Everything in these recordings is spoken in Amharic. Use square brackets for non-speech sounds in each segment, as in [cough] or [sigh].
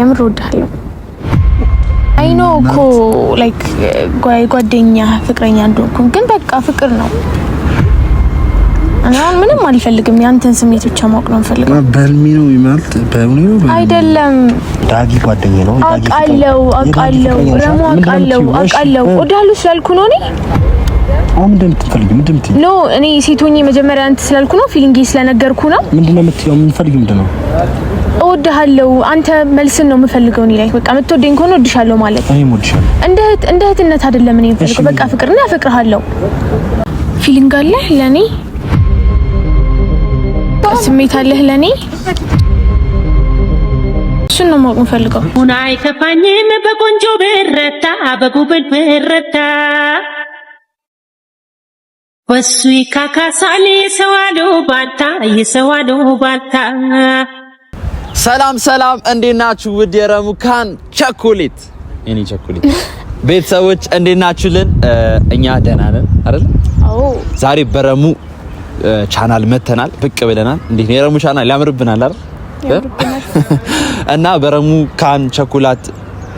የምር እወድሃለሁ። አይኖ እኮ ላይክ ጓደኛ ፍቅረኛ እንደሆንኩም ግን በቃ ፍቅር ነው። አሁን ምንም አልፈልግም። ያንተን ስሜት ብቻ ማወቅ ነው የምፈልገው። በልሚ ነው ይማልት በእውነት ነው አይደለም። ዳጊ ጓደኛ ነው። አውቃለሁ፣ አውቃለሁ፣ ረሞ አውቃለሁ፣ አውቃለሁ። ወዳሉ ስላልኩ ነው እኔ አሁን ምንድን ነው የምትፈልጊው? ምንድን ነው የምትይው? ኖ እኔ ሴቶኝ መጀመሪያ አንተ ስላልኩ ነው ፊሊንግ ስለነገርኩ ነው። ምንድን ነው የምትይው? የምትፈልጊው ምንድን ነው? እወድሃለሁ፣ አንተ መልስን ነው የምፈልገው እኔ ላይ በቃ የምትወደኝ ከሆነ እወድሻለሁ ማለት እንደ እንደ እህትነት አይደለም እኔ የምፈልገው በቃ ፍቅርና እፈቅርሃለሁ ፊሊንግ አለህ ለኔ፣ ስሜት አለህ ለኔ። እሱን ነው ማወቅ የምፈልገው። ሁና አይከፋኝም በቆንጆ ብረታ በጉብል ብረታ በሱ ይካካሳል የሰዋለው ባልታ የሰዋለው ባልታ ሰላም ሰላም፣ እንዴት ናችሁ? ውድ የረሙካን ቸኮሌት እኔ ቸኮሌት ቤተሰቦች እንዴት ናችሁልን? እኛ ደህና ነን አይደል? ዛሬ በረሙ ቻናል መተናል፣ ብቅ ብለናል። እንዴት ነው የረሙ ቻናል ያምርብናል አይደል? እና በረሙ ካን ቸኮላት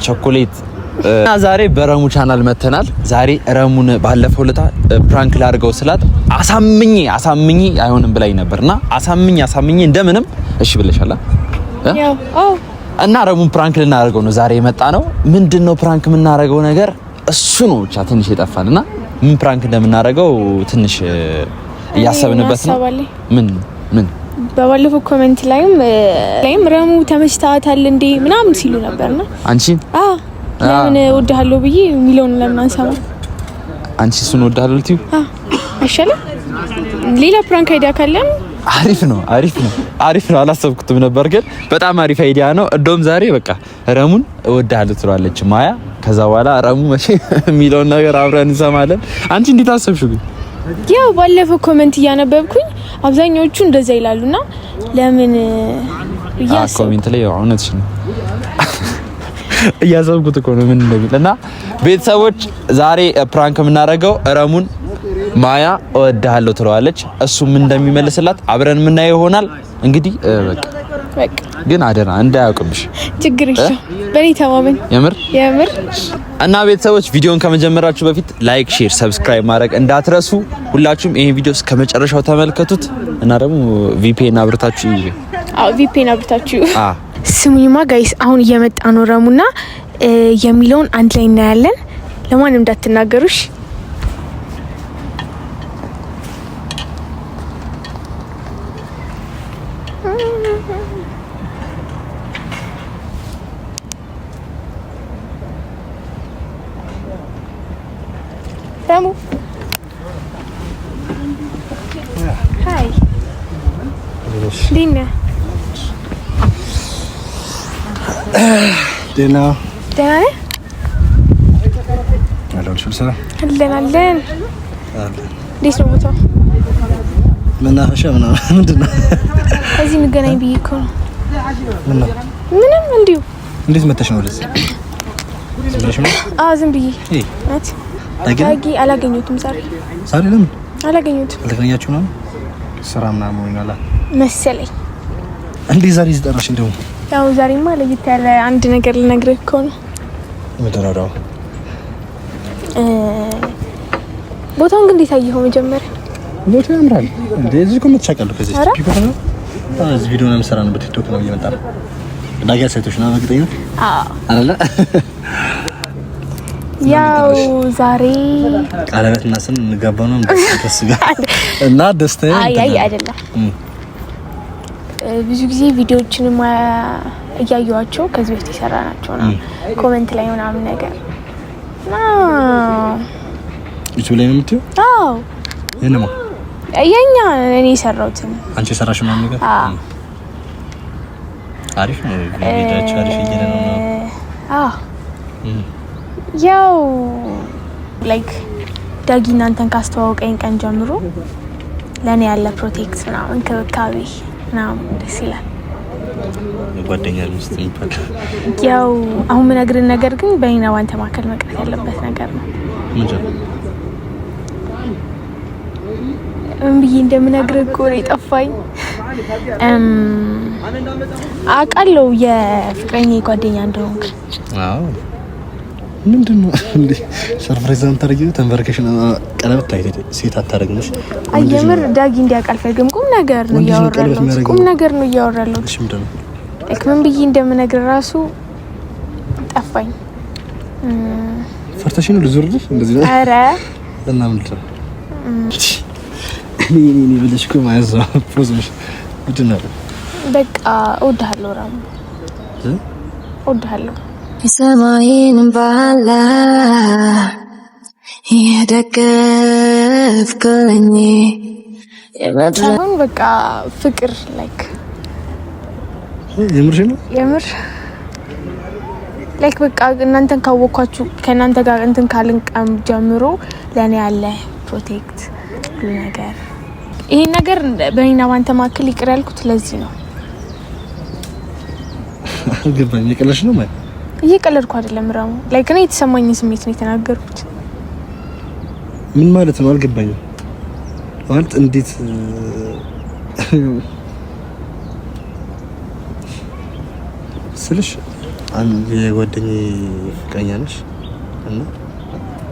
ቸኮሌት እና ዛሬ በረሙ ቻናል መተናል። ዛሬ ረሙን ባለፈው ለታ ፕራንክ ላድርገው ስላት አሳምኜ አሳምኜ አይሆንም ብላኝ ነበርና አሳምኜ አሳምኜ እንደምንም እሺ ብለሻላ እና ረሙን ፕራንክ ልናደርገው ነው ዛሬ የመጣ ነው። ምንድን ነው ፕራንክ የምናደርገው ነገር እሱ ነው ብቻ ትንሽ የጠፋን እና ምን ፕራንክ እንደምናደርገው ትንሽ እያሰብንበት ነው። ምን ምን በባለፈው ኮሜንት ላይም ላይም ረሙ ተመችታታል እንዴ ምናምን ሲሉ ነበርና አንቺ ለምን እወድሃለሁ ብዬ የሚለውን ለምን አንሰማ? አንቺ እሱን እወድሃለሁ ልትዩ አይሻልም? ሌላ ፕራንክ አይዲያ ካለም አሪፍ ነው፣ አሪፍ ነው፣ አሪፍ ነው። አላሰብኩትም ነበር ግን በጣም አሪፍ አይዲያ ነው። እንደውም ዛሬ በቃ ረሙን እወድሃለሁ ትሏለች ማያ። ከዛ በኋላ ረሙ መቼ [laughs] የሚለውን ነገር አብረን እንሰማለን። አንቺ እንዴት አሰብሽው ግን? ያው ባለፈው ኮሜንት እያነበብኩኝ አብዛኛዎቹ እንደዛ ይላሉና ለምን እያሰብኩ ኮሜንት ላይ እውነት ነው [laughs] እያሰብኩት እኮ ነው ምን እንደሚል እና ቤተሰቦች ዛሬ ፕራንክ የምናደርገው ረሙን ማያ እወድሃለሁ ትለዋለች። እሱ ምን እንደሚመልስላት አብረን የምናየው ይሆናል። እንግዲህ በቃ ግን አደራ እንዳያውቅብሽ። ችግር የለም በእኔ ተማመን። የምር የምር። እና ቤተሰቦች ቪዲዮን ከመጀመራችሁ በፊት ላይክ፣ ሼር፣ ሰብስክራይብ ማድረግ እንዳትረሱ። ሁላችሁም ይሄን ቪዲዮ እስከ መጨረሻው ተመልከቱት እና ደግሞ ቪፒኤን አብርታችሁ ይዤ አዎ፣ ቪፒኤን አብርታችሁ ስሙኝማ ጋይስ፣ አሁን እየመጣ ነው ረሙና የሚለውን አንድ ላይ እናያለን። ለማንም እንዳትናገሩሽ Tamu. Ja. Hi. Linda. دينا دينا اهلا شو السلام اهلا اهلا ليش نموتوا؟ من ناحية من عندنا እንገናኝ ብዬ እኮ ነው። ምንም እንዲሁ እንዴት መተሽ ነው ወደዚህ? አዎ ዝም ብዬ እህ ታጊ አላገኘሁትም። ዛሬ ዛሬ ለምን አላገኘሁትም? አልተገኛችሁ ነው ስራ ምናምን ሆናላ መሰለኝ። እንዴ ዛሬ ዝጠራሽ እንደው ያው ዛሬማ ለየት ያለ አንድ ነገር ልነግርህ እኮ ነው። ምድራዳው ቦታውን ግን እንዴት አየኸው? መጀመሪያ ቦታው ያምራል እንዴ እዚህ እኮ መተሻቀሉ ከዚህ ፒኮ ነው እዚህ ቪዲዮ ነው የምሰራ ነው፣ በቲክቶክ ነው እየመጣ ነው። ዳጊያ ሳይቶች ነው እርግጠኛ ነው አይደለ? ያው ዛሬ ቀለበት እና ስም እንጋባ ነው እና ደስታ አይ አይደለም። ብዙ ጊዜ ቪዲዮዎችንም እያየዋቸው ከዚህ በፊት የሰራ ናቸው ነው ኮመንት ላይ ምናምን ነገር ዩቱብ ላይ ነው የምትይው? አዎ የኛ እኔ የሰራሁትን አንቺ የሰራሽ ምናምን ነገር አሪፍ ነው። ቤታችሁ አሪፍ እየሄደ ነው። አዎ ያው ላይክ ዳጊ እናንተን ካስተዋወቀኝ ቀን ጀምሮ ለእኔ ያለ ፕሮቴክት ምናምን እንክብካቤ ምናምን ደስ ይላል። ጓደኛ ልምስት ይባላል። ያው አሁን ምነግርን ነገር ግን በእኔና ባንተ መካከል መቅረት ያለበት ነገር ነው። ምን ብዬ እንደምነግር እኮ ነው የጠፋኝ። አውቃለሁ የፍቅረኛ ጓደኛ እንደሆንክ። አዎ ምንድን ነው እንዴ? ሰርፕራይዝ አንታረጊ ተንበርከሽን ቀለበት ታይት ሴት አታረግነሽ። አየምር ዳጊ እንዲያውቅ አልፈልግም። ቁም ነገር ነው እያወራለሁ። ቁም ነገር ነው እያወራለሁ። እሺ ምንድን ነው ምን ብዬ እንደምነግር ራሱ ጠፋኝ። ፈርተሽ ነው ልዙርልሽ እንደዚህ አረ እና ምንድን ነው እኔ ብለሽ እኮ ነው። ፖዝሽ ምንድን ነው? በቃ እወድሃለሁ፣ ራሙ እወድሃለሁ። ባላ የደገፍከኝ በቃ ፍቅር ላይክ የምር የምር ላይክ በቃ እናንተን ካወኳችሁ ከእናንተ ጋር እንትን ጀምሮ ለእኔ ያለ ፕሮቴክት ሁሉ ነገር ይሄን ነገር በኔና ባንተ መካከል ይቅር ያልኩት ለዚህ ነው። [laughs] ግን እየቀለድሽ ነው ማለት? እየቀለድኩ አይደለም ራሙ። ላይክ እኔ የተሰማኝ ስሜት ነው የተናገርኩት። ምን ማለት ነው አልገባኝም። ማለት እንዴት ስልሽ አንድ የጓደኛዬ ፍቅረኛ ነሽ እና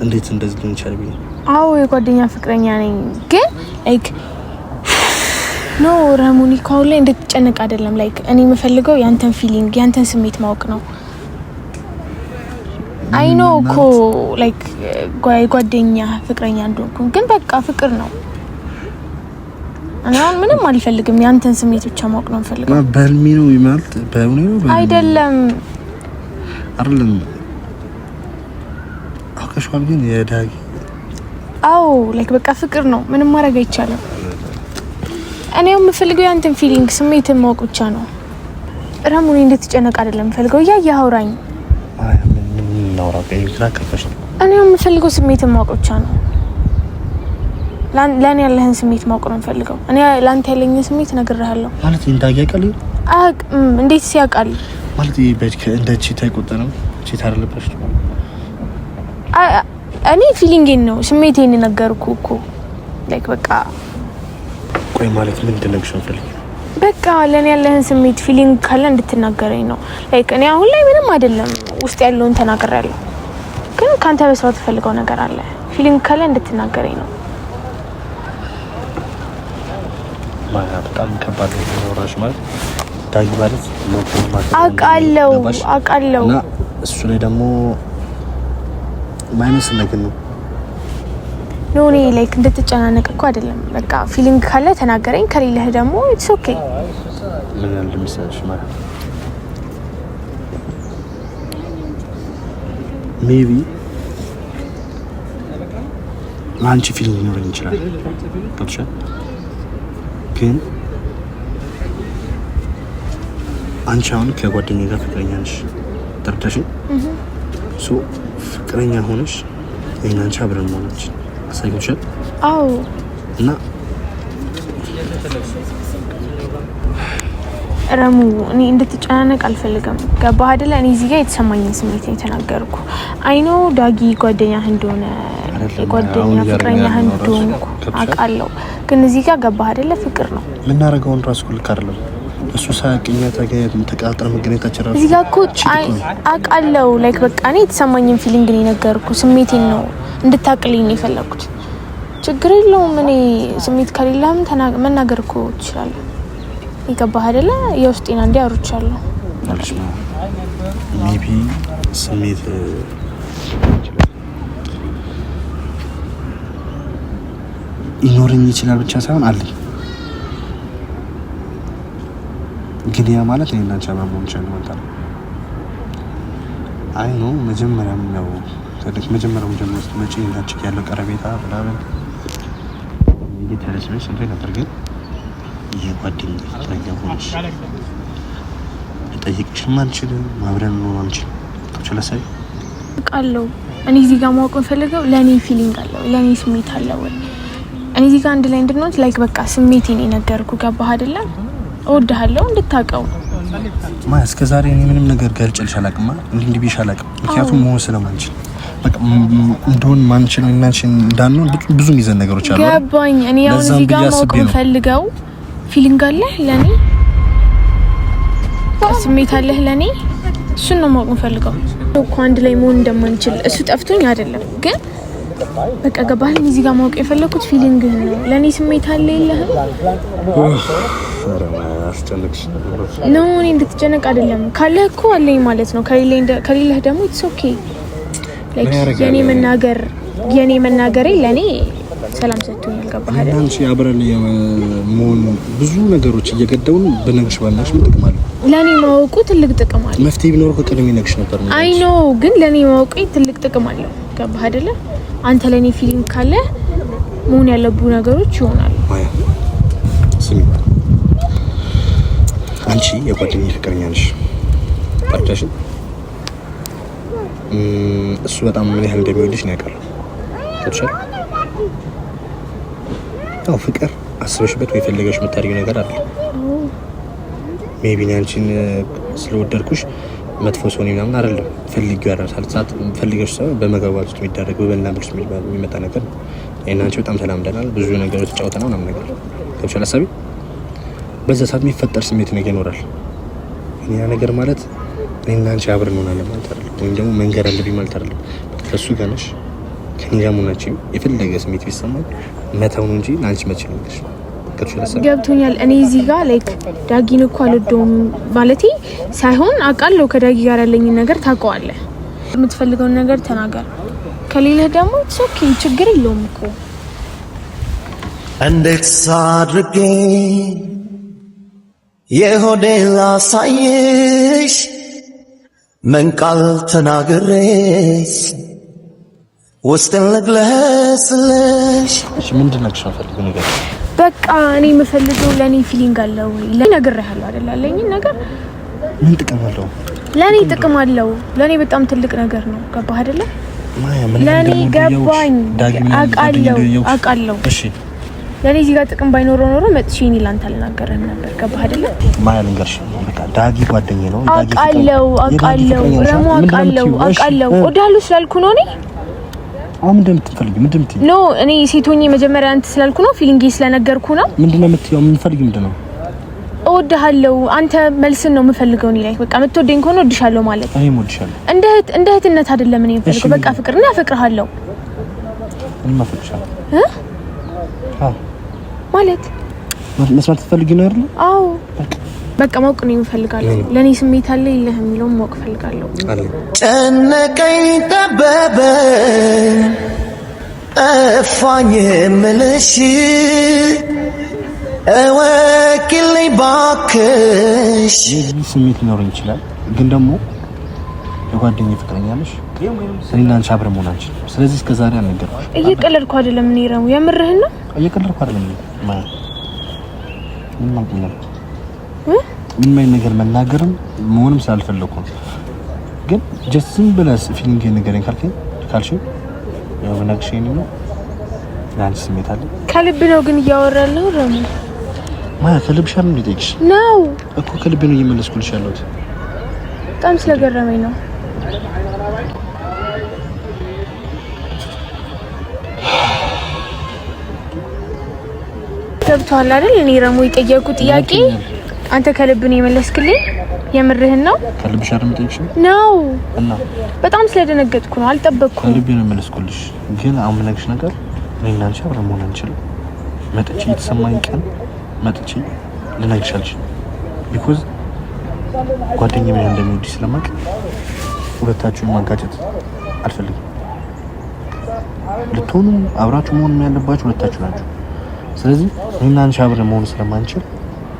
እንዴት እንደዚህ ሊሆን ይችላል ብዬ። አዎ የጓደኛ ፍቅረኛ ነኝ ግን ላይክ ኖ ረሙኒ ካሁን ላይ እንድትጨነቅ አይደለም። ላይክ እኔ የምፈልገው ያንተን ፊሊንግ ያንተን ስሜት ማወቅ ነው። አይ አይኖ እኮ ላይክ ጓደኛ ፍቅረኛ እንደሆንኩ ግን በቃ ፍቅር ነው። አሁን ምንም አልፈልግም። ያንተን ስሜት ብቻ ማወቅ ነው የምፈልገው። ማ በልሚ ነው ይማልት በእውነት ነው አይደለም አይደለም። አውቀሽዋል ግን የዳጊ አዎ ላይክ በቃ ፍቅር ነው። ምንም ማድረግ አይቻልም። እኔ የምፈልገው ያንተን ፊሊንግ ስሜትን ማወቅ ብቻ ነው። ረሙኔ እንድትጨነቅ አይደለም የምፈልገው። እያየህ አውራኝ። እኔ የምፈልገው ስሜትን ማወቅ ብቻ ነው። ለእኔ ያለህን ስሜት ማወቅ ነው የምፈልገው። እኔ ለአንተ ያለኝን ስሜት እነግርሃለሁ። ማለት እንዳያቀል አያውቅም። እንዴት ሲያውቃል? ማለት እንደ ቺታ አይቆጠርም። ቺታ አለበች። እኔ ፊሊንጌን ነው ስሜቴን ነገርኩ እኮ ላይክ በቃ ቆይ ማለት ምን እንደነግሽ ፈልግ በቃ ለኔ ያለህን ስሜት ፊሊንግ ካለ እንድትናገረኝ ነው። ላይክ እኔ አሁን ላይ ምንም አይደለም፣ ውስጥ ያለውን ተናግሬያለሁ። ግን ካንተ መስራት ፈልገው ነገር አለ። ፊሊንግ ካለ እንድትናገረኝ ነው። በጣም ከባድ ነው ኖራሽ ማለት ዳጊ ማለት አውቃለሁ አውቃለሁ። እና እሱ ላይ ደግሞ ማይነስ ነገር ነው ኖ እኔ ላይክ እንድትጨናነቅ እኮ አይደለም። በቃ ፊሊንግ ካለ ተናገረኝ፣ ከሌለህ ደግሞ ኢትስ ኦኬ። ምን እንደሚሰራሽ ማለት ሜቢ ለአንቺ ፊሊንግ ሊኖረኝ ይችላል። ገብቶሻል? ግን አንቺ አሁን ከጓደኛ ጋር ፍቅረኛ ነሽ፣ ተረዳሽኝ? ፍቅረኛ ሆነሽ ይህን አንቺ አብረን መሆናችን አሳይቶሻል? አዎ። እና ረሙ እኔ እንድትጨናነቅ አልፈልግም። ገባህ አይደለ? እኔ እዚህ ጋር የተሰማኝን ስሜት ነው የተናገርኩ። አይኖ ዳጊ ጓደኛህ እንደሆነ ጓደኛ ፍቅረኛህ እንደሆንኩ አውቃለሁ። ግን እዚህ ጋር ገባህ አይደለ? ፍቅር ነው የምናደርገውን ራሱ ልክ አይደለም እሱ ሳያቅኛ ተቀጣጠረ መገናኘታችን ራሱ እዚህ ጋር እኮ አውቃለሁ። ላይክ በቃ እኔ የተሰማኝን ፊሊንግ ነው የነገርኩ ስሜቴን ነው እንድታቅልኝ ነው የፈለኩት። ችግር የለውም እኔ ስሜት ከሌለም መናገር እኮ ይችላል። ይገባህ አይደለ? የውስጤና እንዲ አውርቻለሁ። ሜቢ ስሜት ይኖረኝ ይችላል ብቻ ሳይሆን አለኝ ግን ያ ማለት እኔ እና አንቺ አብረን መሆን ይችላል። አይ ነው መጀመሪያም ነው ትልቅ መጀመሪያው ጀምሮ ውስጥ መጪ እንዳችግ ያለው ቀረቤታ ምናምን እንዴት ስለ ስሜት ስንቶ ነበር። ግን የጓደኛ ፍቅረኛ ሆነች ጠይቅሽም አልችልም ማብረን ነው አንችል ችለሳይ ቃለው እኔ እዚህ ጋር ማወቅ ፈልገው ለእኔ ፊሊንግ አለው ለእኔ ስሜት አለው ወይ እኔ እዚህ ጋር አንድ ላይ እንድንሆን ላይክ በቃ ስሜት ስሜቴን ነገርኩ ገባህ አይደለም? እወድሃለሁ እንድታውቀው ማ እስከ ዛሬ እኔ ምንም ነገር ገልጭልሽ አላውቅም፣ እንዲህ ቢሽ አላውቅም። ምክንያቱም መሆን ስለማንችል እንደሆን ማንችል ናንችን እንዳንሆን ብዙ የሚዘን ነገሮች አሉ። ገባኝ። እኔ ያው እዚህ ጋር ማወቅ የምፈልገው ፊሊንግ አለህ ለእኔ ስሜት አለህ ለእኔ እሱን ነው ማወቅ የምፈልገው። እኮ አንድ ላይ መሆን እንደማንችል እሱ ጠፍቶኝ አይደለም ግን በቃ ገባህ። እዚህ ጋር ማወቅ የፈለኩት ፊሊንግ ነው። ለእኔ ስሜት አለ የለህም? ኖ እኔ እንድትጨነቅ አይደለም። ካለህ እኮ አለኝ ማለት ነው። ከሌለህ ደግሞ ኢትስ ኦኬ የኔ መናገር የኔ መናገሬ ሰላም ሰጥቶኛል። ገባህ አንቺ አብረን የመሆን ብዙ ነገሮች እየገደቡን ብነግርሽ ባናሽ ምን ጥቅም አለው? ማወቁ ትልቅ ጥቅም አለው። መፍትሄ ቢኖር ከቀድሜ ነግርሽ ነበር። አይ ኖ ግን ለኔ ማወቁ ትልቅ ጥቅም አለው። ገባህ አይደለ? አንተ ለኔ ፊሊንግ ካለ መሆን ያለቡ ነገሮች ይሆናሉ። ስሚ አንቺ የጓደኛዬ ፍቅረኛ ነሽ። እሱ በጣም ምን ያህል እንደሚወድሽ ነው ያውቃል። ገብቶሻል? ያው ፍቅር አስበሽበት ወይ ፈልገሽ የምታደርጊው ነገር አለ። ሜቢ እኔ አንቺን ስለወደድኩሽ መጥፎ ሰው ነኝ ምናምን አይደለም። ፈልጊው ያደርሳል ሰዓት ፈልገሽ ሰው በመግባባት ውስጥ የሚደረግ በበልና ብልስ የሚመጣ ነገር ነው። እኔና አንቺ በጣም ተላምደናል። ብዙ ነገሮች ተጫውተናል ምናምን ነገር ገብቶሻል? አሳቢ በዛ ሰዓት የሚፈጠር ስሜት ነገር ይኖራል። ያ ነገር ማለት እኔና አንቺ አብረን እንሆናለን ማለት አይደለም፣ ወይም ደግሞ መንገድ አለብኝ ማለት አይደለም። ከእሱ ጋር ነሽ፣ ከእኔ ጋር መሆናችን የፈለገ ስሜት ቢሰማኝ መተው ነው እንጂ ለአንቺ መቼ ገብቶኛል። እኔ እዚህ ጋር ላይክ ዳጊን እኮ አልወደውም ማለት ሳይሆን አውቃለሁ። ከዳጊ ጋር ያለኝን ነገር ታውቀዋለህ። የምትፈልገውን ነገር ተናገር፣ ከሌለህ ደግሞ ኦኬ፣ ችግር የለውም እኮ እንዴት አድርጌ የሆዴ ላሳይሽ መንቃል ቃል ተናግሬስ ውስጥን ልግለጽልሽ? ምንድን ነግሽ ፈልገው ነገር በቃ እኔ የምፈልገው ለእኔ ፊሊንግ አለው ነግሬሃለሁ አይደል? አለኝን ነገር ምን ጥቅም አለው? ለእኔ ጥቅም አለው። ለእኔ በጣም ትልቅ ነገር ነው። ገባህ አይደለ? ለእኔ ገባኝ። አውቃለሁ አውቃለሁ። እሺ ለእኔ እዚህ ጋር ጥቅም ባይኖረው ኖሮ መጥቼ እኔ ላንተ አልናገረን ነበር። ገባህ አይደለ? ማያ ልንገርሽ፣ በቃ ዳጊ ጓደኛዬ ነው። ዳጊ አውቃለሁ፣ አውቃለሁ፣ ረሙ አውቃለሁ፣ አውቃለሁ። ወዳሉ ስላልኩ ነው እኔ አሁን ምንድን ነው የምትፈልጊው? ምንድን ነው የምትይው? ኖ እኔ ሴቶኝ መጀመሪያ አንተ ስላልኩ ነው ፊሊንግ ስለነገርኩ ነው። ምንድን ነው የምትይው? የምትፈልጊው ምንድን ነው? እወድሃለሁ። አንተ መልስን ነው የምፈልገው እኔ ላይ በቃ የምትወደኝ ከሆነ እወድሻለሁ ማለት ነው። እኔም እወድሻለሁ። እንደ እንደ እህትነት አይደለም እኔ የምፈልገው በቃ ፍቅር እና አፈቅርሃለሁ። እኔም አፈቅርሻለሁ። እህ አዎ ማለት መስማት ትፈልጊ ነው አይደል? አዎ በቃ ማወቅ ነው የምፈልጋለሁ። ለእኔ ስሜት አለ የለህም የሚለውን ማወቅ ፈልጋለሁ። ጨነቀኝ፣ ጠበበኝ፣ እፋኝ የምልሽ እወኪልኝ ባክሽ። ስሜት ሊኖረኝ ይችላል፣ ግን ደግሞ የጓደኛዬ ፍቅረኛ ነሽ እኔና አንቺ አብረን መሆን አንችልም። ስለዚህ እስከ ዛሬ አልነገርኩሽ። እየቀለድኩ አይደለም። እኔ ረሙ የምርህን ነው። እየቀለድኩ አይደለም። ምንም አይነት ነገር መናገርም መሆንም ስላልፈለኩ ነው። ግን ጀስት ዝም ብለህ ፊሊንግ ንገረኝ ካልከኝ ካልሽኝ ያው ብነግርሽኝ ነው ለአንቺ ስሜት አለ ከልብ ነው ግን እያወራለሁ ረሙ ማያ ከልብሽ አይደል? ነው እኮ ከልብ ነው እየመለስኩልሽ ያለሁት። በጣም ስለገረመኝ ነው። ገብቷል አይደል? እኔ ደግሞ የጠየቁ ጥያቄ አንተ ከልብን የመለስክልኝ የምርህን ነው? ከልብሽ አይደል የምጠይቅሽው? ነው እና በጣም ስለደነገጥኩ ነው፣ አልጠበቅኩም። ከልቤ ነው የመለስኩልሽ፣ ግን አሁን የምነግርሽ ነገር እኔ እና አንቺ አብረን መሆን አንችልም። መጥቼ የተሰማኝ ቀን መጥቼ ልነግርሽ አልችልም፣ ቢኮዝ ጓደኛዬ ምን እንደሚወድሽ ስለማውቅ ሁለታችሁን ማጋጨት አልፈልግም። ልትሆኑ አብራችሁ መሆን ያለባችሁ ሁለታችሁ ናችሁ። ስለዚህ እኔና አንቺ አብረን መሆን ስለማንችል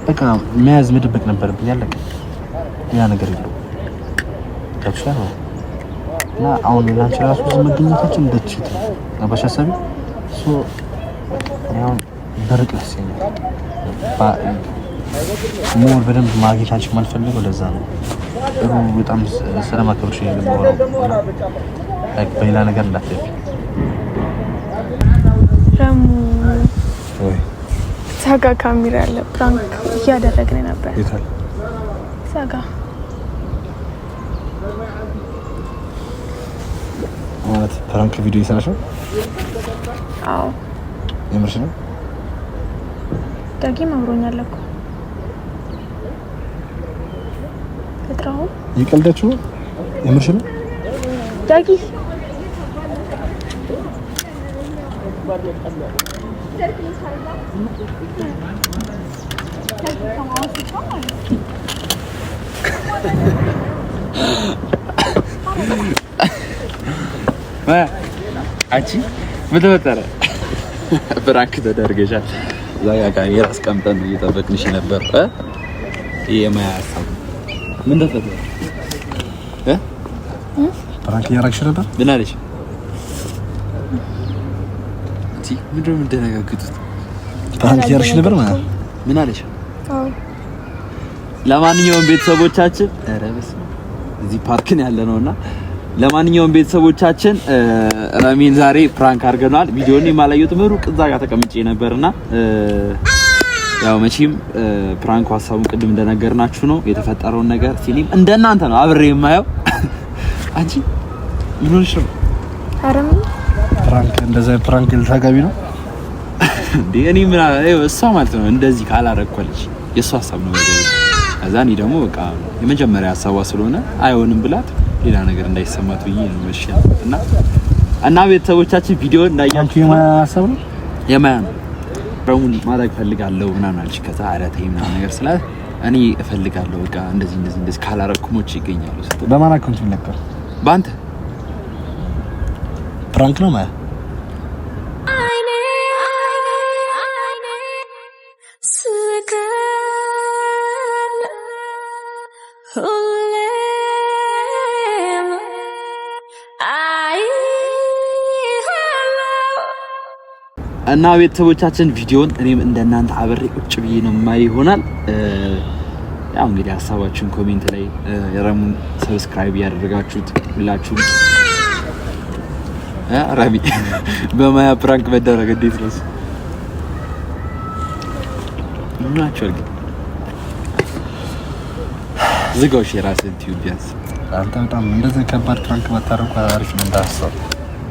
በቃ መያዝ መደበቅ ነበረብኝ። ያለቀ ያ ነገር የለውም ከብሻ ነው እና አሁን እኔና ራሱ እዚህ መገኘታችን እንደ ችት ነው ገባሽ ሶ አሁን በርቅ ደስ ይለኛል ሞር በደንብ ማግኘታችን ማልፈልግ ወደዛ ነው ጥሩ በጣም ስለማከብርሽ ነው የማወራው በሌላ ነገር እንዳትል እዛጋ ካሜራ ያለ ፕራንክ እያደረግን ነበር። እዛጋ ማለት ፕራንክ ቪዲዮ እየሰራሽ ነው? አዎ። የምርሽ ነው? ዳጊም አብሮኛል እኮ ፈጥራው ይቀልዳችሁ። የምርሽ ነው ዳጊ? አንቺ ምን ተፈጠረ? ብራንክ ተደርገሻል። እዛ ጋር የራስ ቀምጠን እየጠበቅንሽ ነበር። ምን ተፈጠረ? ብራንክ እያደረግሽ ነበር። ምን አለሽ? ምንድን ነው የምትደነጋግጡት? አንቺ ያርሽ ነበር ማለት ምን አለሽ? አዎ። ለማንኛውም ቤተሰቦቻችን ኧረ በስመ ፓርክ ነው ያለ ነውና ለማንኛውም ቤተሰቦቻችን ረሚን ዛሬ ፕራንክ አድርገናል። ቪዲዮውን የማላየሁት ምሩ ቅዛ ጋር ተቀምጬ ነበርና ያው መቼም ፕራንክ ሀሳቡን ቅድም እንደነገርናችሁ ነው የተፈጠረውን ነገር ሲሊም እንደናንተ ነው አብሬ የማየው። [laughs] አንቺ ምን ሆነሽ ነው? ፕራንክ እንደዛ ፕራንክ ተገቢ ነው እንዴ? እኔ ምን እሷ ማለት ነው እንደዚህ ካላረኳለች የእሷ ሀሳብ ነው ማለት ነው። ከዛ እኔ ደግሞ በቃ የመጀመሪያ ሀሳቧ ስለሆነ አይሆንም ብላት ሌላ ነገር እንዳይሰማት ብዬ ነው መሸን እና እና ቤተሰቦቻችን ቪዲዮ እንዳያችሁ የማያን ሀሳብ ነው የማያን ረሙን ማድረግ ፈልጋለሁ ምናምን አለች። ከዛ ኧረ ተይ ምናምን ነገር ስላት እኔ እፈልጋለሁ በቃ እንደዚህ እንደዚህ እንደዚህ ካላረኩሞች ይገኛሉ። በማን አካውንት ይለቀው? በአንተ ፕራንክ ነው ማለት እና ቤተሰቦቻችን ቪዲዮን እኔም እንደናንተ አብሬ ቁጭ ብዬ ነው ማይ ይሆናል። ያው እንግዲህ ሀሳባችሁን ኮሜንት ላይ የረሙን ሰብስክራይብ ያደረጋችሁት ሁላችሁም ረሚ [laughs] በማያ ፕራንክ መደረግ እንዴት ነው ምናቸው እርግ ዝጋዎች የራስን ቲዩብ ቢያንስ አንተ በጣም እንደዚህ ከባድ ፕራንክ መታረቁ አሪፍ ነው እንዳሰብ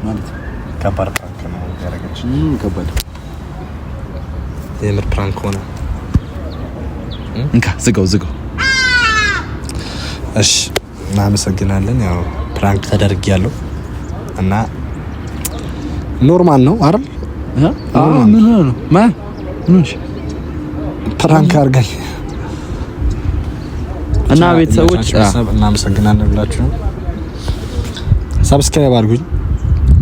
ማለት ከባድ አልሰማችኝም። ከበደ የምር ፕራንክ ሆነ። እንካ ዝጋው፣ ዝጋው። እሺ፣ እናመሰግናለን። ያው ፕራንክ ተደርግ ያለው እና ኖርማል ነው አይደል? ምን ነው ማን ፕራንክ አድርገን እና ቤተሰቦች እናመሰግናለን ብላችሁ ሰብስክራይብ አድርጉኝ።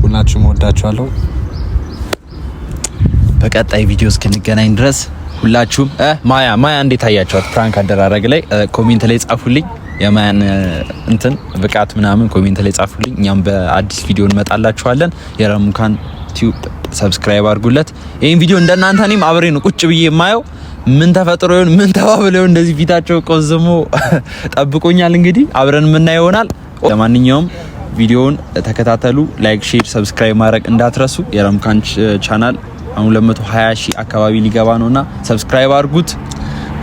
ሁላችሁም ወዳችኋለሁ። በቀጣይ ቪዲዮ እስክንገናኝ ድረስ ሁላችሁም ማያ ማያ እንዴት አያቸዋት ፕራንክ አደራረግ ላይ ኮሜንት ላይ ጻፉልኝ። የማያን እንትን ብቃት ምናምን ኮሜንት ላይ ጻፉልኝ። እኛም በአዲስ ቪዲዮ እንመጣላችኋለን። የረሙካን ቲዩብ ሰብስክራይብ አድርጉለት። ይህን ቪዲዮ እንደናንተ እኔም አብሬ ነው ቁጭ ብዬ የማየው። ምን ተፈጥሮ ይሆን ምን ተባብሎ ይሆን እንደዚህ ፊታቸው ቆዝሞ [laughs] ጠብቆኛል። እንግዲህ አብረን የምናየው ይሆናል። ለማንኛውም ቪዲዮውን ተከታተሉ። ላይክ፣ ሼር፣ ሰብስክራይብ ማድረግ እንዳትረሱ። የረሙካን ቻናል አሁን 220 ሺህ አካባቢ ሊገባ ነውና ሰብስክራይብ አድርጉት፣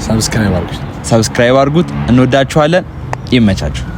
ሰብስክራይብ አድርጉት፣ ሰብስክራይብ አድርጉት። እንወዳችኋለን። ይመቻችሁ።